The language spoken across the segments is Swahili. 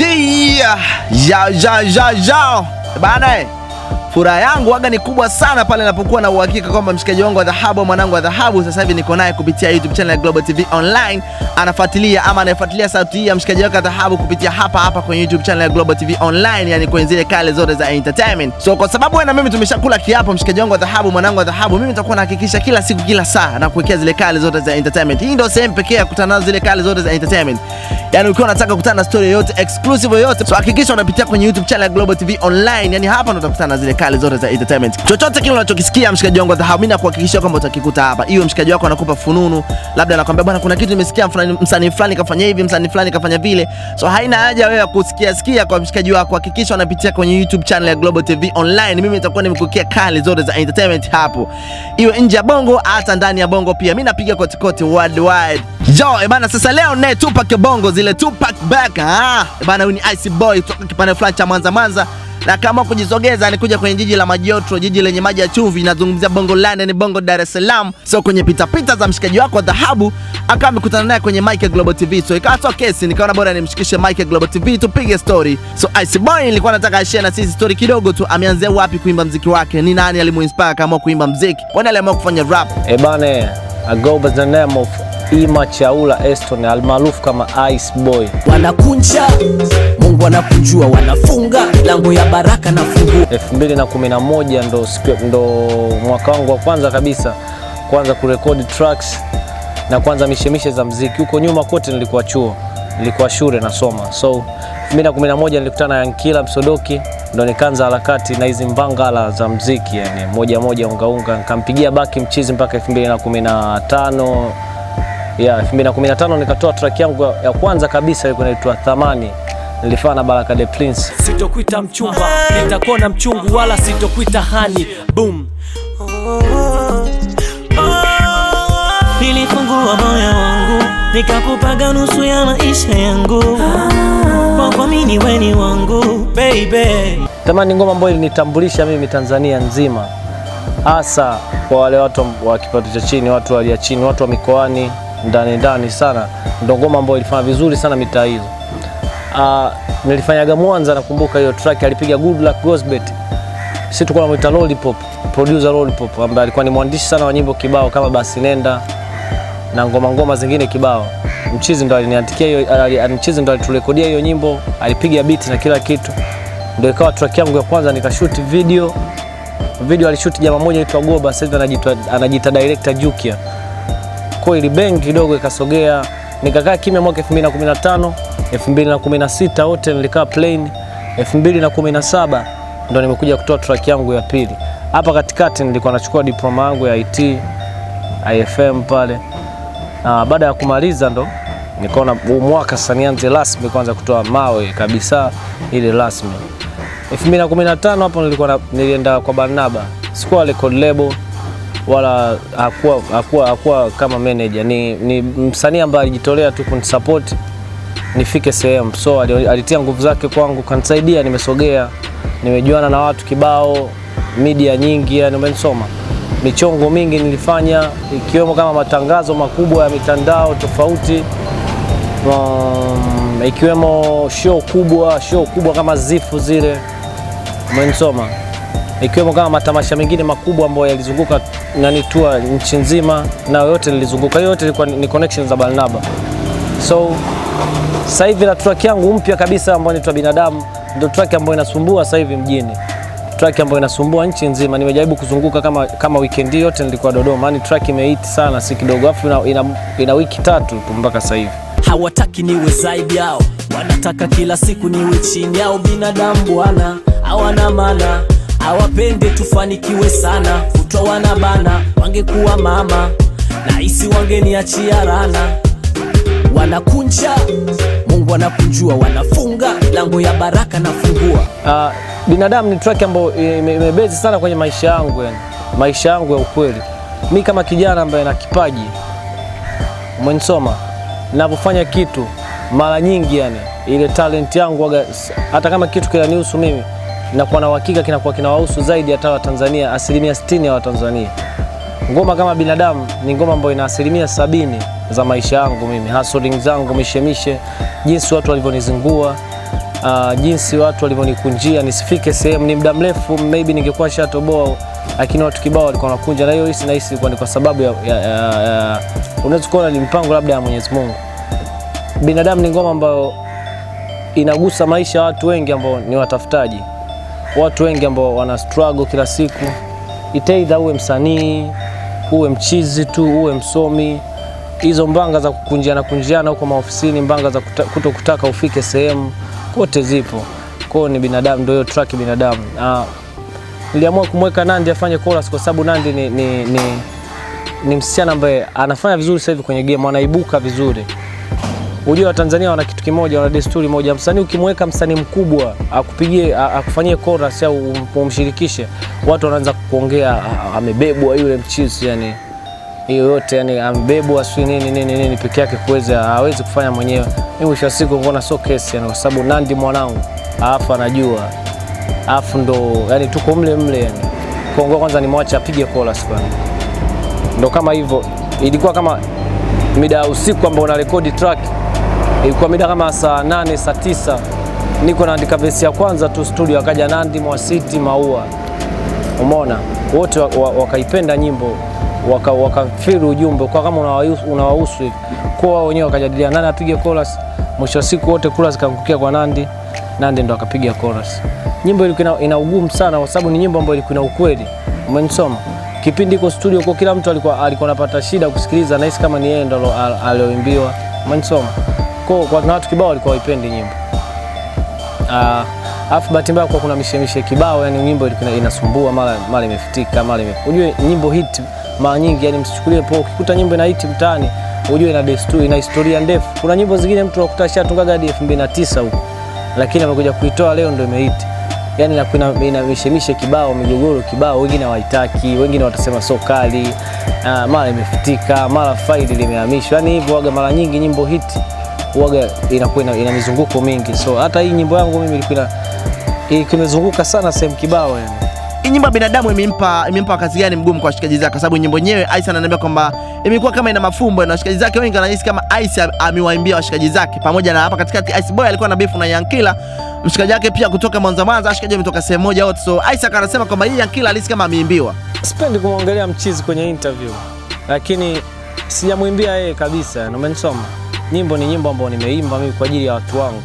Ja, ja, ja, ja. Bana, furaha yangu waga ni kubwa sana pale napokuwa na uhakika kwamba mshikaji wangu wa dhahabu, mwanangu wa dhahabu, sasa hivi niko naye kupitia YouTube channel ya Global TV Online, anafuatilia ama anafuatilia sauti hii ya mshikaji wake wa dhahabu kupitia hapa hapa kwenye YouTube channel ya Global TV Online, yani kwenye zile kale zote za entertainment. So kwa sababu wewe na mimi tumeshakula kiapo, mshikaji wangu wa dhahabu, mwanangu wa dhahabu, mimi nitakuwa nahakikisha kila siku, kila saa na kuwekea zile kale zote za entertainment. Hii ndio sehemu pekee ya kukutana zile kale zote za entertainment. Yani ukiwa unataka kukutana na story yoyote exclusive yoyote, so hakikisha unapitia kwenye YouTube channel ya Global TV Online. Yani hapa ndo utakutana na zile kali zote za entertainment. Chochote kile unachokisikia mshikaji wangu dhahabu, mimi nakuhakikishia kwamba utakikuta hapa. Iwe mshikaji wako anakupa fununu, labda anakuambia bwana, kuna kitu nimesikia msanii fulani kafanya hivi, msanii fulani kafanya vile. So haina haja wewe kusikia sikia kwa mshikaji wako, hakikisha unapitia kwenye YouTube channel ya Global TV Online. Mimi nitakuwa nimekukia kali zote za entertainment hapo, iwe nje ya bongo hata ndani ya bongo pia. Mimi napiga kote kote worldwide. Yo, ebana eh, sasa leo naye Tupac Bongo zile Tupac back. Ah, ebana eh, huyu ni Ice Boy kutoka kipande fulani cha Mwanza Mwanza. Na kama kujizogeza ni kuja kwenye jiji la majiotro, jiji lenye maji ya chumvi. Nazungumzia Bongo ni Bongo Dar es Salaam. So kwenye pita pita za mshikaji wako wa dhahabu, akawa amekutana naye kwenye Mike Global TV. So ikawa so kesi, nikaona bora nimshikishe mic ya Global TV tupige story. So Ice Boy nilikuwa nataka share na sisi story kidogo tu, ameanzia wapi kuimba mziki wake, ni nani alimuinspire kama kuimba mziki, kwani aliamua kufanya rap? Ebane, eh, I go by the name of Ima Chaula Eston almaarufu kama Ice Boy. Wanakunja Mungu anakunjua, wanafunga lango ya baraka na fungu. 2011 ndo, ndo mwaka wangu wa kwanza kabisa kwanza kurekodi tracks na kwanza mishemishe za mziki. Huko nyuma kote nilikuwa chuo, nilikuwa shule nasoma. So 2011 nilikutana na Yankila Msodoki ndo nikaanza harakati na hizi mbangala za mziki yani, moja moja ungaunga, nikampigia baki mchizi mpaka 2015 ya 2015 nikatoa track yangu ya kwanza kabisa ilikuwa inaitwa Thamani. Nilifana na Baraka de Prince. Sitokuita mchumba, nitakuwa na mchungu wala sitokuita hani. Boom. Nilifungua moyo wangu, nikakupaga nusu ya maisha yangu. Kwa kuamini wewe ni wangu, baby. Thamani ngoma ambayo ilinitambulisha mimi Tanzania nzima. Hasa kwa wale watu wa kipato cha chini, watu wa chini, watu wa mikoani ndani ndani sana, ndo ngoma ambayo ilifanya vizuri sana mitaa hizo. Uh, nilifanyaga Mwanza, nakumbuka hiyo track alipiga Good Luck Gosbet, sisi tulikuwa tunamwita Lollipop, producer Lollipop ambaye alikuwa ni mwandishi sana wa nyimbo kibao kama basi nenda na ngoma ngoma zingine kibao. Mchizi ndo aliniandikia hiyo, mchizi ndo aliturekodia hiyo nyimbo, alipiga beat na kila kitu, ndio ikawa track yangu ya kwanza. Nikashoot video video, alishoot jamaa mmoja aitwa Goba, sasa hivi anajiita anajiita director Jukia ili benki kidogo ikasogea, nikakaa kimya mwaka 2015 2016 wote nilikaa plain. 2017 ndo nimekuja kutoa track yangu ya pili. Hapa katikati nilikuwa nachukua diploma yangu ya IT IFM pale, na baada ya kumaliza ndo nikaona mwaka sasa nianze rasmi kwanza kutoa mawe kabisa ile rasmi. 2015 hapo nilikuwa nilienda kwa Barnaba, sikuwa record label wala hakuwa, hakuwa, hakuwa kama manager, ni, ni msanii ambaye alijitolea tu kunisupport nifike sehemu, so alitia nguvu zake kwangu, kanisaidia, nimesogea, nimejuana na watu kibao, media nyingi, yani umenisoma michongo mingi nilifanya ikiwemo kama matangazo makubwa ya mitandao tofauti, um, ikiwemo show kubwa show kubwa kama zifu zile umenisoma, ikiwemo kama matamasha mengine makubwa ambayo yalizunguka nani tour nchi nzima na yote nilizunguka, yote ilikuwa ni connections za Barnaba. So sasa hivi na track yangu mpya kabisa ambayo inaitwa Binadamu ndio track ambayo inasumbua sasa hivi mjini, track ambayo inasumbua nchi nzima. Nimejaribu kuzunguka kama, kama weekend yote nilikuwa Dodoma, yani track imehit sana, si kidogo, afu ina, ina, ina wiki tatu mpaka sasa hivi. Hawataki niwe zaidi yao, wanataka kila siku niwe chini yao. Binadamu bwana hawana maana hawapende tufanikiwe sana, kutwa wanabana bana. Wangekuwa mama na isi wangeniachia rana. Wanakunja Mungu anakunjua, wanafunga lango ya baraka nafungua. Uh, binadamu ni track ambayo imebezi sana kwenye maisha yangu, yani maisha yangu ya ukweli. Mi kama kijana ambaye na kipaji mwenisoma, ninavyofanya kitu mara nyingi, yani ile talent yangu waga, hata kama kitu kinanihusu mimi inakuwa na uhakika kinakuwa kinawahusu zaidi hata Watanzania, asilimia 60 ya Watanzania. Ngoma kama binadamu ni ngoma ambayo ina asilimia sabini za maisha yangu mimi, hustling zangu, mishemishe, jinsi watu walivyonizingua, uh, jinsi watu walivyonikunjia nisifike sehemu. Ni muda mrefu maybe ningekuwa shatoboa, lakini watu kibao walikuwa wanakunja, na hiyo hisi na hisi ilikuwa ni kwa sababu ya, ya, ya, ya unaweza kuona ni mpango labda ya Mwenyezi Mungu. Binadamu ni ngoma ambayo inagusa maisha ya watu wengi ambao ni watafutaji watu wengi ambao wana struggle kila siku. Itaidha uwe msanii, uwe mchizi tu, uwe msomi, hizo mbanga za kukunjiana kunjiana huko maofisini, mbanga za kuto kutaka ufike sehemu, kote zipo. Kwao ni binadamu, ndio hiyo track binadamu. Ah, niliamua kumweka Nandy afanye chorus kwa sababu Nandy ni, ni, ni, ni msichana ambaye anafanya vizuri sasa hivi kwenye game, anaibuka vizuri. Unajua Watanzania wana kitu kimoja, wana desturi moja. Msanii ukimweka msanii mkubwa akupigie, akufanyie chorus au um, umshirikishe, watu wanaanza kuongea amebebwa yule mchizi, yani hiyo yote yani amebebwa si nini nini nini, peke yake kuweza hawezi kufanya mwenyewe. Mimi mwisho wa siku ngona so case yani, kwa sababu Nandi mwanangu alafu anajua alafu ndo yani tuko mle mle yani kongo kwanza nimwache apige chorus bwana, ndo kama hivyo ilikuwa kama mida ya usiku ambao rekodi track ilikuwa eh, mida kama saa nane saa tisa niko naandika vesi ya kwanza tu studio, akaja Nandi Mwasiti Maua, umeona wote wakaipenda waka nyimbo wakafiri waka ujumbe kwa kama unawahusu hivi kwa wao wenyewe, wakajadilia nani apige chorus. Mwisho wa siku wote chorus kangukia kwa Nandi, Nandi ndo akapiga chorus. Nyimbo ilikuwa ina ugumu sana, kwa sababu ni nyimbo ambayo ilikuwa ina ukweli, umenisoma kipindi iko studio kwa kila mtu alikuwa alikuwa anapata shida kusikiliza, nahisi kama ni yeye ndo alioimbiwa, umenisoma. Kwa na watu kibao walikuwa waipendi nyimbo. Ah, alafu bahati mbaya kwa kuna mishemishe kibao, yani nyimbo ilikuwa inasumbua, mara mara imefitika, mara ime. Unajua nyimbo hit mara nyingi, yani msichukulie poa. Ukikuta nyimbo ina hit mtaani, unajua ina desturi, ina historia ndefu. Kuna nyimbo zingine mtu anakuta ashatungaga hadi 2009 huko. Lakini amekuja kuitoa leo ndio imehit. Yani na kuna ina mishemishe kibao, migogoro kibao, wengine hawaitaki, wengine watasema so kali. Uh, mara imefitika, mara faili limehamishwa. Yani hivyo waga mara nyingi nyimbo hit huaga inakuwa ina, mizunguko mingi, so hata hii nyimbo yangu mimi ilikuwa imezunguka sana sehemu kibao yani. Hii nyimbo binadamu imempa imempa kazi gani mgumu kwa washikaji zake? Kwa sababu nyimbo yenyewe Aisha ananiambia kwamba imekuwa kama ina mafumbo na washikaji zake wengi wanahisi kama Aisha amewaimbia washikaji zake, pamoja na hapa katikati Ice Boy alikuwa na beef na Yankila mshikaji wake pia kutoka Mwanza Mwanza, washikaji wametoka sehemu moja wote. So Aisha anasema kwamba hii Yankila alihisi kama ameimbiwa. Sipendi kumwangalia mchizi kwenye interview, lakini sijamwimbia yeye kabisa, umenisoma nyimbo ni nyimbo ambayo nimeimba mimi kwa ajili ya watu wangu,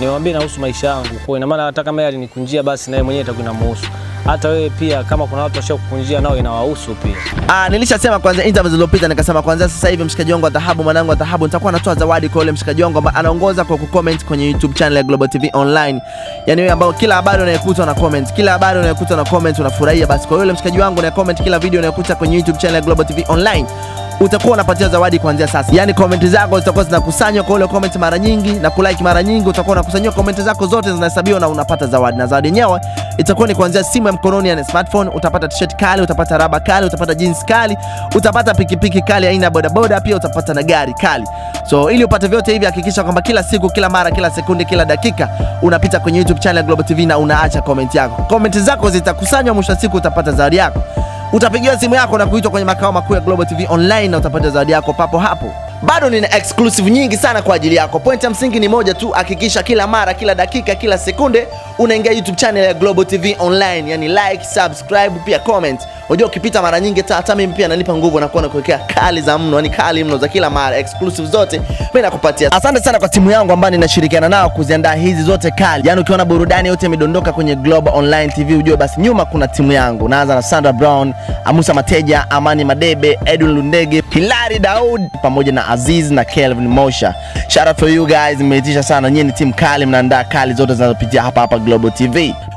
niwaambie nahusu maisha yangu. Kwa ina maana hata kama yeye alinikunjia, basi naye mwenyewe itakuwa inamuhusu hata wewe pia kama kuna watu washakukunjia nao inawahusu pia. Ah, nilishasema kwanza interview zilizopita nikasema kwanza sasa hivi mshikaji wangu wa dhahabu, mwanangu wa dhahabu, nitakuwa natoa zawadi kwa yule mshikaji wangu ambaye anaongoza kwa kucomment kwenye YouTube channel ya Global TV Online. Yaani wewe ambao kila habari unayokuta una comment, kila habari unayokuta una comment unafurahia, basi kwa yule mshikaji wangu na comment kila video unayokuta kwenye YouTube channel ya Global TV Online utakuwa unapatia zawadi kuanzia sasa. Yaani comment zako zitakuwa zinakusanywa kwa ile comment mara nyingi na kulike mara nyingi, utakuwa unakusanywa comment zako zote zinahesabiwa na unapata zawadi. Na zawadi yenyewe itakuwa ni kuanzia simu ya mkononi yani smartphone. Utapata t-shirt kali, utapata raba kali, utapata jeans kali, utapata pikipiki kali aina ya bodaboda, pia utapata na gari kali. So ili upate vyote hivi, hakikisha kwamba kila siku, kila mara, kila sekunde, kila dakika unapita kwenye YouTube channel ya Global TV na unaacha comment yako. Comment zako zitakusanywa, mwisho wa siku utapata zawadi yako. Utapigiwa simu yako na kuitwa kwenye makao makuu ya Global TV Online na utapata zawadi yako papo hapo. Bado nina exclusive nyingi sana kwa ajili yako. Point ya msingi ni moja tu, hakikisha kila mara, kila dakika, kila sekunde unaingia YouTube channel ya Global TV Online, yani like, subscribe, pia comment. Unajua ukipita mara nyingi hata mimi pia nanipa nguvu na kuona kuwekea kali za mno, yani kali mno za kila mara, exclusive zote mimi nakupatia. Asante sana kwa timu yangu ambayo ninashirikiana nao kuziandaa hizi zote kali. Yani ukiona burudani yote imedondoka kwenye Global Online TV ujue basi nyuma kuna timu yangu. Naanza na Sandra Brown, Amusa Mateja, Amani Madebe, Edwin Lundege, Hilari Daud pamoja na Aziz na Kelvin Mosha. Shout out for you guys, mmeitisha sana nyinyi, ni timu kali, mnaandaa kali zote zinazopitia hapa hapa Globo TV.